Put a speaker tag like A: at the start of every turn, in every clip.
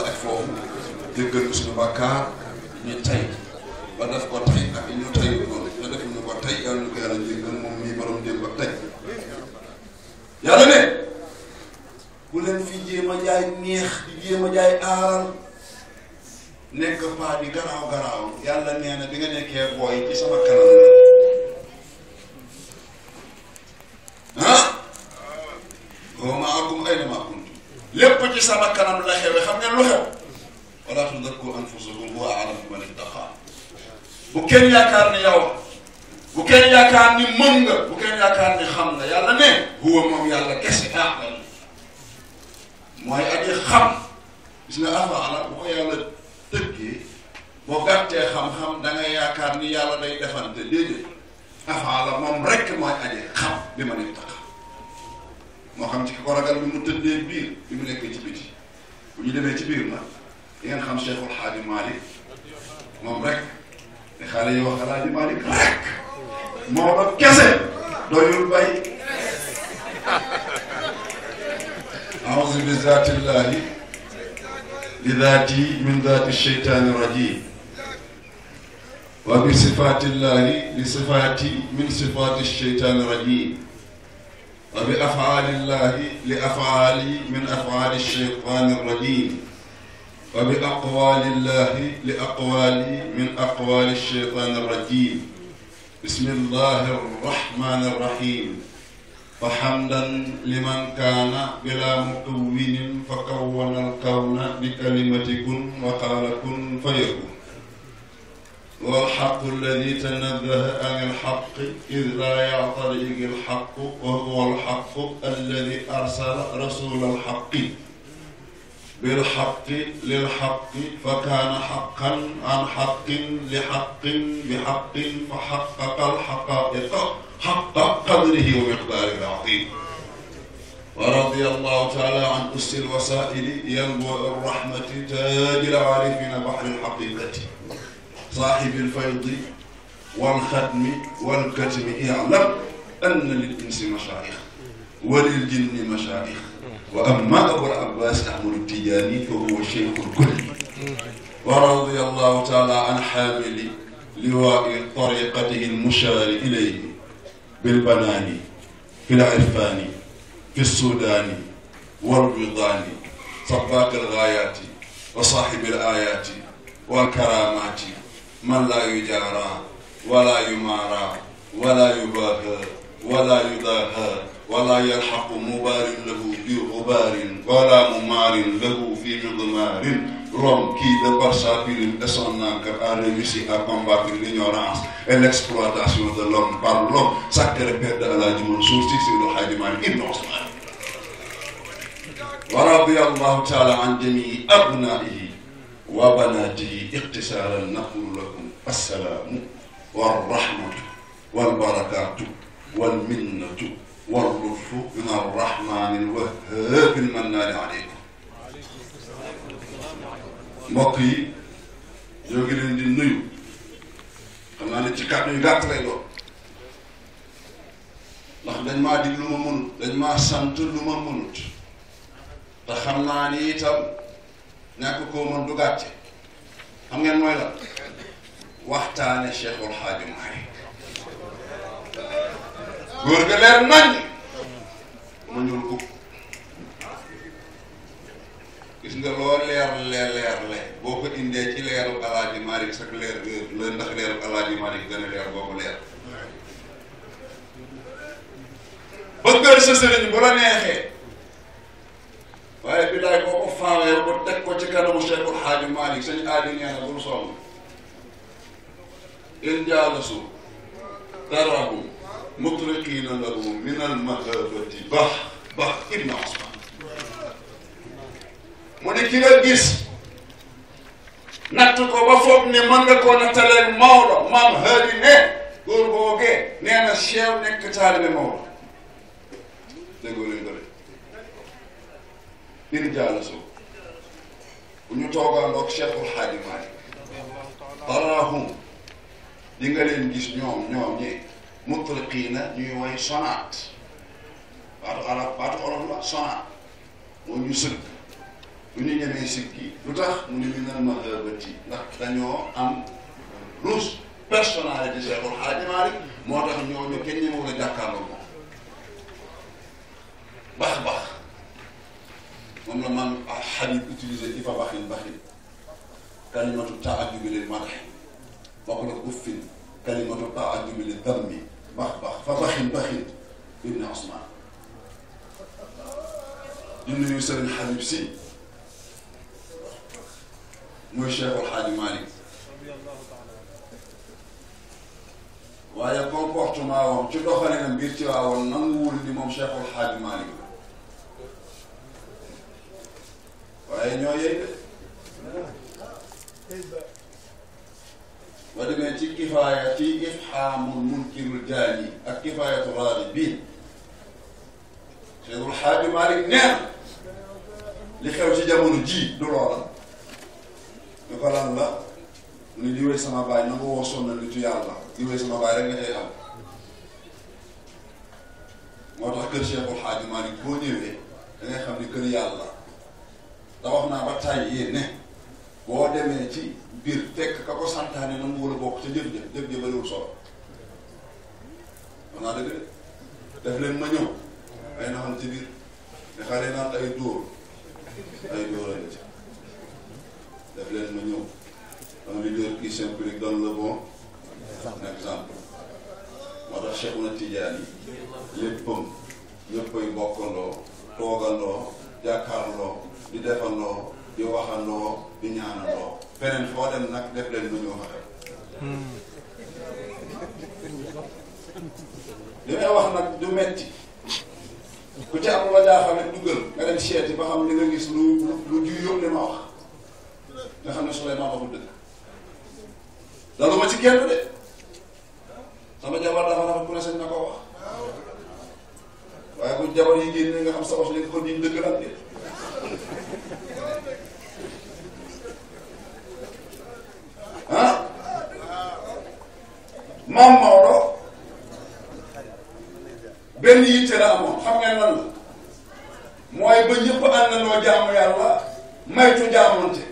A: pare foofu jéggal ko suñu bàkkaar ñu tay ba def ko tay ak ñu tay noonu nga def ñu ko tay yàlla ko yàlla jéggal moom mii borom démb ak tay yàlla ne bu leen fi jéem a jaay neex di jéem a jaay aaral nekk paa di garaaw garaaw yàlla nee na bi nga nekkee booy ci sama kanam ah lépp ci sama kanam la xewe delluxew wala tuzakku anfusakum huwa a'lamu man ittaqa bu kenn yaakaar ni yow bu kenn yaakaar ni mën nga bu kenn yaakaar ni xam nga yàlla ne huwa moom yàlla kese a'lam mooy aji xam gis nga afaala bu ko yàlla tëggee boo gàttee xam-xam da nga yaakaar ni yàlla day defante déedéet afaala moom rek mooy aji xam bi ma ne tax moo xam ci ko ragal bi mu tëddee biir bi mu nekk ci biti ويلا ما تبين ما إيه خمسة يقول حادي مالي مبرك خالي وخالي مالي مبرك مبرك كسر دويل باي أعوذ بذات الله لذاتي من ذات الشيطان الرجيم وبصفات الله لصفاتي من صفات الشيطان الرجيم وبأفعال الله لأفعالي من أفعال الشيطان الرجيم وبأقوال الله لأقوالي من أقوال الشيطان الرجيم بسم الله الرحمن الرحيم فحمدا لمن كان بلا مكون فكون الكون بكلمة كن وقال كن فيكون والحق الذي تنبه عن الحق إذ لا يعترق الحق وهو الحق الذي أرسل رسول الحق بالحق للحق فكان حقا عن حق لحق بحق فحقق الحقائق حق قدره ومقداره العظيم ورضي الله تعالى عن أس الوسائل ينبوء الرحمة تاج العارفين بحر الحقيقة صاحب الفيض والختم والكتم اعلم أن للإنس مشايخ وللجن مشايخ وأما أبو العباس أحمد التجاني فهو الشيخ الكل ورضي الله تعالى عن حامل لواء طريقته المشار إليه بالبنان في العرفان في السودان والبيضان سباق الغايات وصاحب الآيات والكرامات من لا يجارى ولا يمارى ولا يباهى ولا يضاهى ولا يلحق مبار له بغبار ولا ممار له في مضمار Rome qui, de par sa pilule et son encre, a réussi à combattre l'ignorance et l'exploitation de l'homme par l'homme, sacré père de Allah du Mansour, si c'est le Hajjman Ibn Osman. ورضي الله تعالى عن جميع أبنائه وبناتي اقتصارا نقول لكم السلام والرحمة والبركات والمنة واللطف من الرحمن الوهاب المنان عليكم مقي يوغلين دي نيو كما نتي كابي غات لي لو لاخ دنج ما ديغ لوما مون ما سانت لوما مونوت تا ñàkk koo mën ci xam ngeen mooy lan waxtaane Cheikhul Xaaji Maalik góor ga leer nañ mu ñuul kukk gis nga loo leer leer leer boo ko indee ci leeru Alaaji Maalik sax leer la ndax leeru Alaaji Maalik gën a leer boobu leer bëggal sa sëriñ bu la neexee كلام الشيخ الحاج مالك سجد آدني أنا أقول صوم إن جالسوا تراهم مطلقين له من المغربة بح بح ابن عصمان مونيكي لا جيس ناتكو با فوب ني مانغا كو ناتالي مولا مام هادي ني غور بوغي ني انا شيو نيك تالي مولا دغول ندير ان جالسوا bu ñu toogaandoog Cheikhul Xaadi Maalik taraahum li nga leen gis ñoom ñoom ñi mutliqiina ñuy woy sonaat baatu arab baatu olof la sonaat mooy ñu sëgg bu ñu ñemee siggi lu tax mu ne ñu nan ma xëbati ndax dañoo am rus personnalité Cheikhul Xaadi Maalik moo tax ñooñu kenn ñemewul a jàkkaarloo utiliser ifa baxin baxin kalimatu taajubi lil madax faqula uffin kalimatu taajubi lil dammi bax bax fa baxin baxin ibni Ousmane di nuyu sëriñ Habib si muy Cheikhul Xaaji Malik waaye comportement wam ci doxalinam biir ci waawoon nanguwul ni moom Cheikhul Xaaji Malik la ودمي تي كفاية تي إفحام المنكر الداني الكفاية الغالبين سيد الحاج مالك نعم لخير جي جابون جي دولارا يقال أن لا ني ديوي سما باي نغو وصلنا لتو يالا ديوي سما باي رك نتاي ام موتاخ كير شيخ الحاج مالك بو نيوي دا ngay xamni كير يالا da wax naa ba tàyyi yéen ne boo demee ci biir fekk ka ko santaane na mu war a bokk ca jëf-jëf jëf-jëf bariwul solo wax naa dëgg de def leen ma ñëw ay na xam ci biir ne xale naan ay dóor ay dóor a ngi ci def leen ma ñëw dama di dóor kii simplique donne le bon exemple moo tax Cheikhouna Tidiane yi léppam ñëppay di defandoo di waxandoo di ñaanandoo feneen foo dem nag def leen lu ñoo fa def li may wax nag du metti ku ci am la jaaxal rek duggal nga dem seeti ba xam li nga gis lu lu ju yóbbu li ma wax nga xam ne Souleymane waxul dëgg dalu ma ci kenn de sama jabar dafa dafa ku ne sañ na ko wax waaye bu jabar nga xam sa wax li nga ko diñ dëgg ah maam Maodo benn yitte la amoon xam ngeen lan la mooy ba ñëpp àndandoo jaamu yàlla maytu jaamante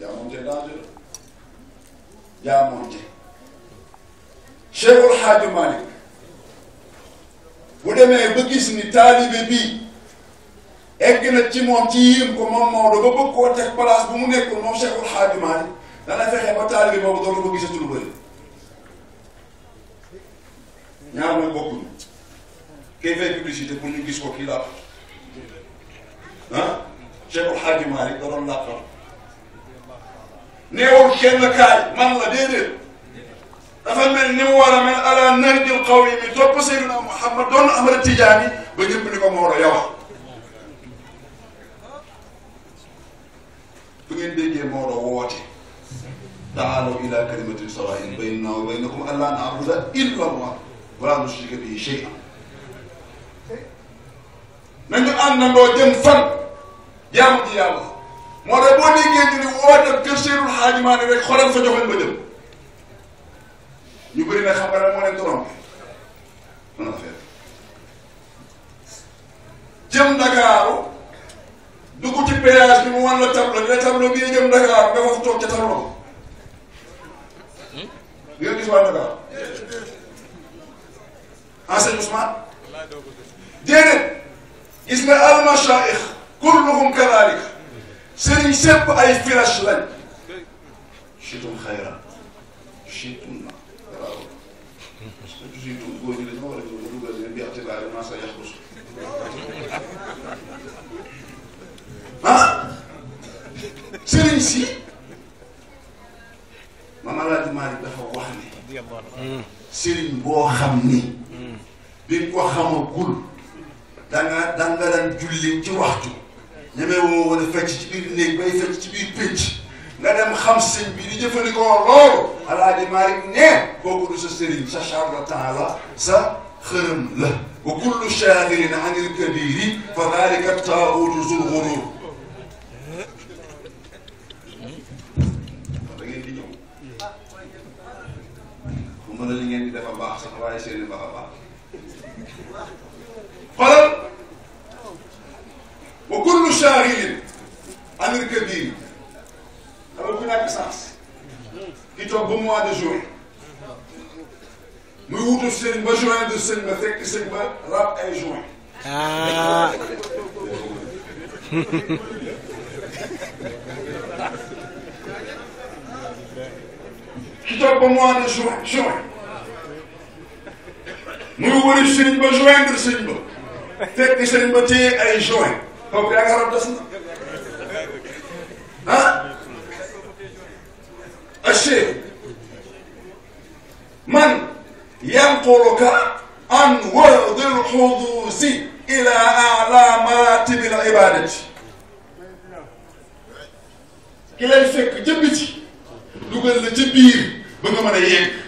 A: jaamonte dangereux jaamonte Cheikhul Hadji Malick demee ba gis ni taalibe bii egg na ci moom ci yéem ko moom Maodo ba bëgg koo teg place bu mu nekkul moom Cheikhul Xaadi Maalik dana fexe ba taalibe boobu dootu ko gisatu lu bëri ñaar mooy bokkuñu kay fay publicité pour gis ko kii làpp ah Cheikhul Xaadi Maalik da doon làppal neewul kenn kaay man la déedéet افهمني ني ورا من على نهج القوي من توب سيدنا محمد دون امر تجاني با نيب نيكو مورا يا واخ بنين ديجي مورا ووتي تعالوا الى كلمه سواء بيننا وبينكم الا نعبد الا الله ولا نشرك به شيئا نجو ان نمبر جيم فان يا مودي يا الله مودي بو نيجي دي ووتو كشير الحاجمان رك خولم فجوخن بدم يقول لي ما خبر مو انت رونك انا فيت جم دغارو دوكو تي بياج مو وان لا تابلو لا تابلو بي جم دغارو دا فوتو تي تابلو يو ديس وان دغارو حسن عثمان دينت اسم المشايخ كلهم كذلك سيري سيب اي فراش لاني boo xam ni bi ko xamagul da nga da nga daan julli ci waxtu ñemewoo wala fecc ci biir néeg bay fecc ci biir pénc nga dem xam sëñ bi di jëfandikoo loolu alaaji Malick ne kooku du sa sëriñ sa charla taala sa xërëm la wa kullu shaagirin an il kabiri fa dalika taahutu zul gurur na li ngeen di dafa baax sax waaye seeni baax a baax xoolal wa kullu shaagilin anil kabiir dama ku ñàkk sens ki toog ba mois de juin muy wutu sëñ ba juin de sëñ ba fekk sëñ ba rab ay juin ki toog ba mois de juin juin muy wëri sëriñ ba joindre sëriñ ba fekk sëriñ ba téye ay joint kooku yaakaaram des na ah الشيخ من ينقلك عن وعد الحدوث إلى أعلى مراتب العبادة كلا يفك جبتي لغل جبير بغمان ينك